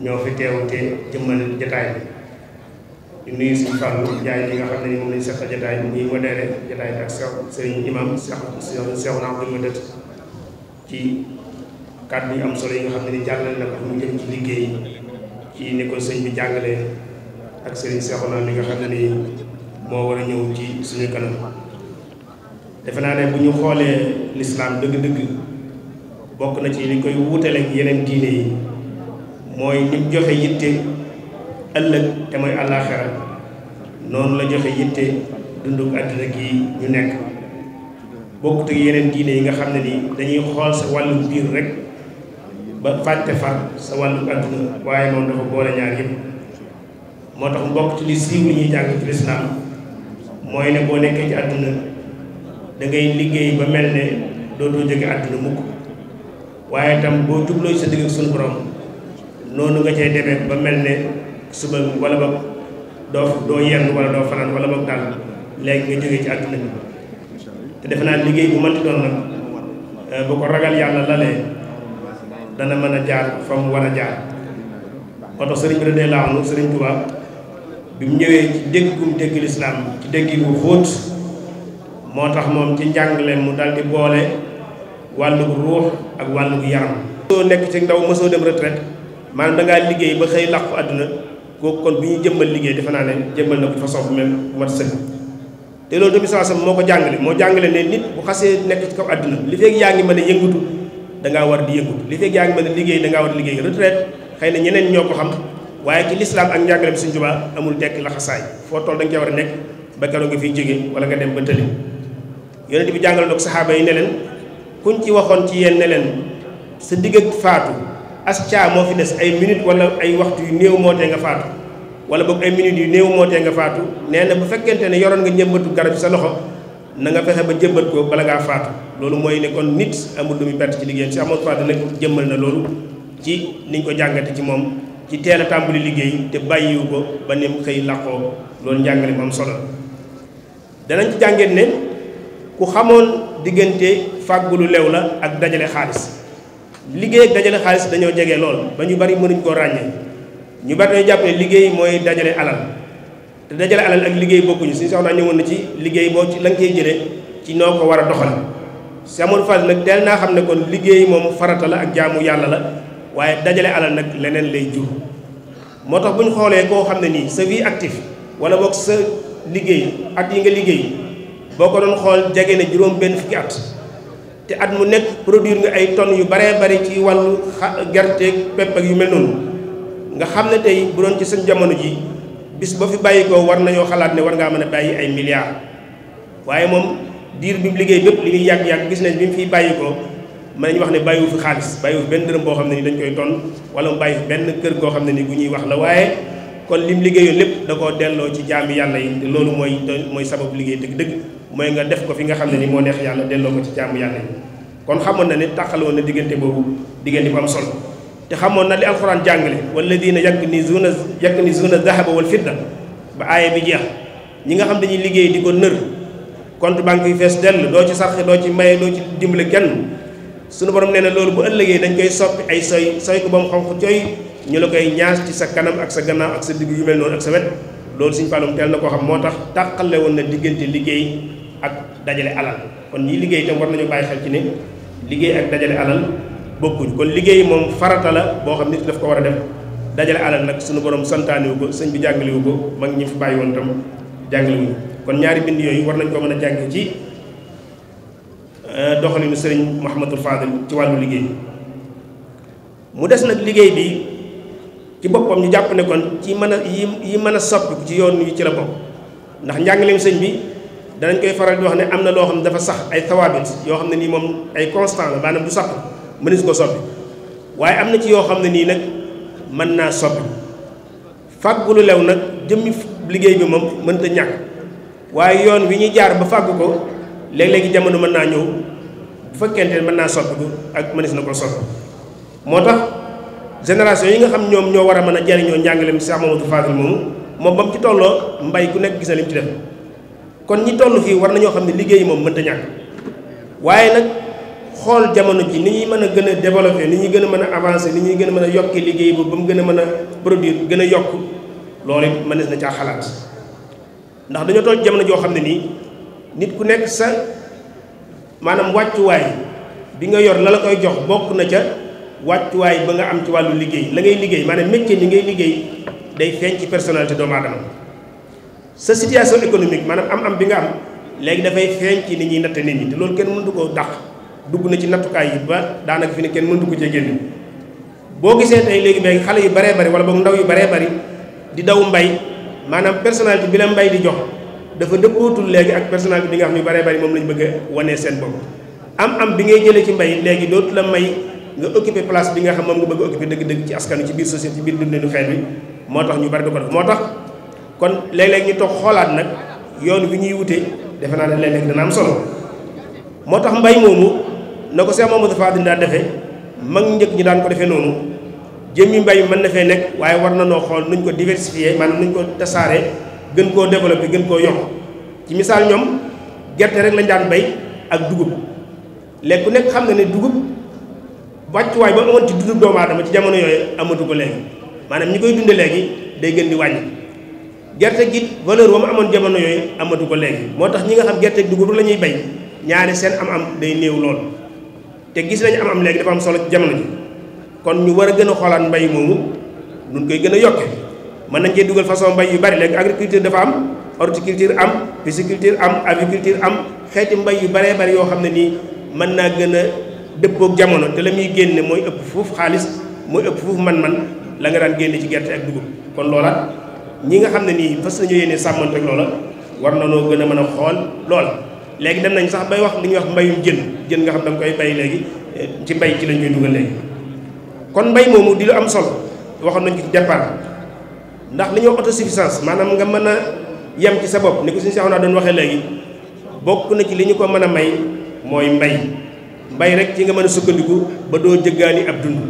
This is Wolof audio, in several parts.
ñoo fi teew te jëmmal jataay bi nuyu suñu Fallou Ndiaye li nga xam ne ni moom lañ seqal jataay bi ñuy modéré jataay bi ak sew sëriñ imam Cheikh Cheikh naa ma dët ci kàddu yu am solo yi xam ne ni jàllale na ko mu ci liggéey ci sëñ bi jàngalee ak sëriñ Cheikh naa nga xam ne ni moo war a ñëw ci suñu kanam defe naa ne bu ñu xoolee lislaam dëgg-dëgg bokk na ci li koy wutale ak yeneen diine yi mooy nim joxe yitte ëllëg te mooy àllaaxira noonu la joxe yitte dunduk àddina gi ñu nekk bokkut ak yeneen diine yi nga xam ne nii dañuy xool sa wàllu biir rek ba fàtte fa sa wàllu àdduna waaye moom dafa boole ñaar yëpp moo tax mbokk ci li siiw li ñuy jàng ci lislaam mooy ne boo nekkee ci àdduna da liggéey ba mel ne dootoo jóge àdduna mukk waaye tam boo jubloo sa digg ak borom noonu nga cee demee ba mel ne suba wala ba doo doo yenn wala doo fanaan wala boog daal léegi nga jógee ci àdduna bi te defe naa liggéey bu mënti doon nag eh, bu ko ragal yàlla lalee dana mën a jaar fa mu war a jaar moo tax sëriñ bi da am laanu sëriñ Tuubaa bi mu ñëwee ci dégg gum dégg lislaam ci dégg bu xóot moo tax moom ci njàng leen mu dal di boole wàllu ruux ak gu yaram. soo nekk ci ndaw mësoo dem retraite maanaam dangaa liggéey ba xëy làqu àdduna kooku kon bu ñuy jëmmal liggéey defe naa ne jëmmal na ko façon bu mel bu mat sëkk te loolu tamit saasam moo ko jàngale moo jàngale ne nit bu xasee nekk ci kaw àdduna li fekk yaa ngi mën a yëngatu war di yëngatu li fekk yaa ngi mën a liggéey da ngaa war di liggéey retraite xëy na ñeneen ñoo ko xam waaye ci lislaam ak njàngale bi Sëñ Tuubaa amul tekk laxasaay foo toll da nga war a nekk ba keroog nga fiy jóge wala nga dem ba tëli bi jàngale na ko yi ne leen kuñ ci waxoon ci yéen ne leen sa digg ak faatu as caa moo fi des ay minutes wala ay waxtu yu néew moo tee nga faatu wala boog ay minutes yu néew moo tee nga faatu nee na bu fekkente ne yoroon nga jëmbatu garab sa loxo na nga fexe ba jëmbat ko bala ngaa faatu loolu mooy ne kon nit amul lu muy perte ci liggéeyam si amoon faatu nag jëmmal na loolu ci niñ ko jàngate ci moom ci teel a tàmbali liggéey te bàyyiwu ko ba ne mu xëy làqoo loolu njàngale mu solo danañ ci jàngeen ne ku xamoon diggante fàggulu lew la ak dajale xaalis liggéey ak dajale xaalis dañoo jege lool ba ñu bari mënuñ koo ràññee ñu bari dañoo jàpp liggéey mooy dajale alal te dajale alal ak liggéey bokkuñu suñu soxnaa ñëwoon na ci liggéey boo ci la koy jëlee ci noo ko war a doxal samul fas nag teel naa xam ne kon liggéey moom farata la ak jaamu yàlla la waaye dajale alal nag leneen lay jur moo tax bu ñu xoolee koo xam ne nii sa vie active wala boog sa liggéey at yi nga liggéey boo ko doon xool jege na juróom benn te at mu nekk produire nga ay tonnes yu baree bari ci wàllu xa gerte pepp yu mel noonu nga xam ne tey bu doon ci seen jamono ji bis ba fi bàyyi war nañoo xalaat ne war ngaa mën a bàyyi ay milliards waaye moom diir bi mu liggéey bépp li muy yàgg-yàgg gis nañ bi mu fiy bàyyi mën nañu wax ne bàyyiwu fi xaalis bàyyiwu fi benn dërëm boo xam ne ni dañ koy ton wala mu bàyyi fi benn kër goo xam ne ni bu ñuy wax la waaye kon li mu liggéeyoon lépp da koo delloo ci jaami yàlla yi te loolu mooy mooy sababu liggéey dëgg-dëgg mooy nga def ko fi nga xam ne ni moo neex yàlla delloo ko ci jàmm yàlla yi kon xamoon na ne tàqaloon na diggante boobu diggante bu am solo te xamoon na li alxuraan jàngale walladina ni yaknizuuna dahaba wal fidda ba aaya bi jeex ñi nga xam dañuy liggéey di ko nër compte banque yi fees dell doo ci sarxe doo ci maye doo ci dimbale kenn suñu borom nee na loolu bu ëllëgee dañ koy soppi ay soy soy ko ba mu xonq cooy ñu la koy ñaas ci sa kanam ak sa gannaaw sa digg yu mel noonu ak sa loolu suñ Fallu teel koo xam moo tax tàqale woon na diggante liggéey ak dajale alal kon ñi liggéey tam war nañu bàyyi xel ci ne liggéey ak dajale alal bokkuñ kon liggéey moom farata la boo xam nit daf ko war a def dajale alal nag suñu borom santaaniwu ko sëñ bi jàngalewu ko mag ñi fi bàyyi woon tam jàngalewuñu kon ñaari bind yooyu war nañ ko mën a jànge ci euh, doxalinu sëñ Mouhamadou Fadel ci wàllu liggéey mu des nag liggéey bi ci boppam ñu jàpp ne kon ci mën a yi yi mën a soppi ci yoon wi ci la bokk ndax njàngaleem sëñ bi danañ koy faral di wax ne am na loo xam ne dafa sax ay tawaabit yoo xam ne nii moom ay constant la maanaam du sax mënees ko soppi waaye am na ci yoo xam ne nii nag mën naa soppi fàggu lu lew nag jëmmi liggéey bi moom mënta ñàkk waaye yoon wi ñuy jaar ba fàggu ko léeg-léegi jamono mën naa ñëw bu fekkente ne mën naa soppiku ak mënees na ko soppi moo tax génération yi nga xam ñoom ñoo war a mën a jariñoo njàngaleem Cheikh Mamadou Fadil moomu moom ba ci tolloo mbay ku nekk gis na ci def kon ñi toll fii war nañoo xam ne liggéey moom mënta ñàkk waaye nag xool jamono ji ni ñuy mën a gën a développé ni ñuy gën a mën a avancé ni ñuy gën a mën a yokki liggéey boobu ba mu gën a mën a produire gën a yokk loolu it mënees na caa xalaat ndax dañoo toll jamono joo xam ne nii nit ku nekk sa maanaam wàccuwaay bi nga yor la la koy jox bokk na ca wàccuwaay ba nga am ci wàllu liggéey la ngay liggéey maanaam métier ni ngay liggéey day feeñ ci personnalité sa situation économique maanaam am am bi nga am léegi dafay feeñ ci ni ñuy natte nit ñi te loolu kenn mënut koo dàq dugg na ci nattukaay yi ba daanaka fi ne kenn mënut ko cee génn boo gisee tey léegi léegi xale yu baree bari wala boog ndaw yu baree bari di daw mbay maanaam personnalité bi la mbay di jox dafa dëppootul léegi ak personnalité bi nga xam ne yu baree bari moom lañ bëgg wane seen bopp am am bi ngay jëlee ci mbay léegi dootu la may nga occupé place bi nga xam moom nga bëgg a occupé dëgg-dëgg ci biir société ci biir dundinu xeet moo tax ñu bari du moo tax kon léeg-léeg ñu toog xoolaat nag yoonu bi ñuy wutee defe naa ne léeg-léeg dana am solo moo tax mbay moomu na ko Cheikh Mamadou Fadil daan defee mag njëkk ñi daan ko defee noonu jëmmi mbay mën na fee nekk waaye war na noo xool nuñ ko diversifier maanaam nuñ ko tasaare gën koo développé gën koo yokk ci misaal ñoom gerte rek lañ daan bay ak dugub léegi ku nekk xam nga ne dugub wàccuwaay ba amoon ci dugub doomu ci jamono yooyu amatu ko léegi maanaam ñi koy dunde léegi day gën di wàññi. gerte gi valeur ba ma amoon jamono yooyu amatu ko léegi moo tax ñi nga xam gerte dugub la ñuy bay ñaari seen am-am day néew lool te gis nañu am-am léegi dafa am solo ci jamono ji kon ñu war a gën a xoolaat mbay moomu nun koy gën a yokke mën nañ cee dugal façon mbay yu bari léegi agriculture dafa am horticulture am pisciculture am aviculture am xeeti mbay yu baree bari yoo xam ne nii mën naa gën a dëppoog jamono te la muy génne mooy ëpp fuuf xaalis mooy ëpp fuuf man-man la nga daan génne ci gerte ak dugub kon loola ñi nga xam ne nii fas nañu yéene sàmmoon ak loola war na noo gën a mën a xool loola léegi dem nañ sax bay wax li ñuy wax mbayum jën jën nga xam da koy bay léegi eh, ci mbay ci la ñuy dugal léegi kon mbay moomu di lu am solo waxoon nañ ko ci départ ndax li ñuy wax autosuffisance maanaam nga mën a yem ci sa bopp ni ko suñu seexoon naa doon waxee léegi bokk na ci li ñu ko mën a may mooy mbay mbay rek ci nga mën a sukkandiku ba doo jëggaani ab dund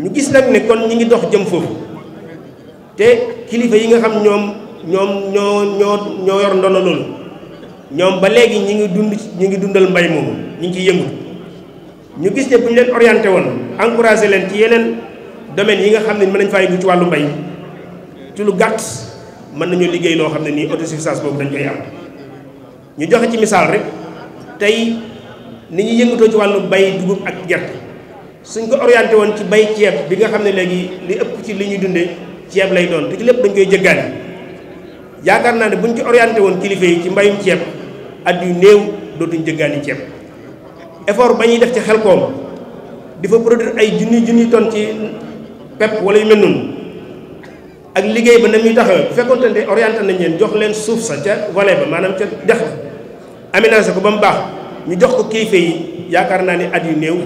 ñu gis nag ne kon ñi ngi dox jëm foofu te kilifa yi nga xam ñoom ñoom ñoo ñoo ñoo yor ndono loolu ñoom ba léegi ñi ngi dund ñi ngi dundal mbay moomu ñu ngi ciy yëngu ñu gis ne bu ñu leen orienté woon encouragé leen ci yeneen domaines yi xam ne mën nañ faa yëngu ci wàllu mbay ci lu gàtt mën nañu liggéey loo xam ne nii autosuffisance boobu dañ koy am ñu joxe ci misaal rek tey ni ñu yëngatoo ci wàllu mbay dugub ak gerte suñ ko orienté woon ci bay ceeb bi nga xam ne léegi li ëpp ci li ñuy dundee ceeb lay doon te ci lépp dañ koy jëggaani yaakaar naa ne buñ ci orienté woon kilifa yi ci mbayum ceeb at yu néew dootuñ jëggaani ceeb effort ba ñuy def ci xel koom di fa produire ay junni junni ton ci pepp wala yu mel noonu ak liggéey ba na muy taxaw bu fekkoonte ne orienté nañ leen jox leen suuf sa ca volet ba maanaam ca dex aménagé ko ba mu baax ñu jox ko kilifa yi yaakaar naa ni at yu néew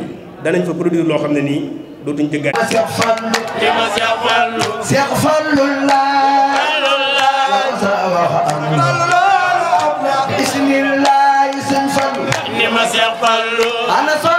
danañ fa produit loo xam ne nii dootuñ ci gàcce. Cheikh Fallou. Cheikh Fallou. Cheikh Fallou laa. Fallou laa. bismillah. Cheikh Fallou.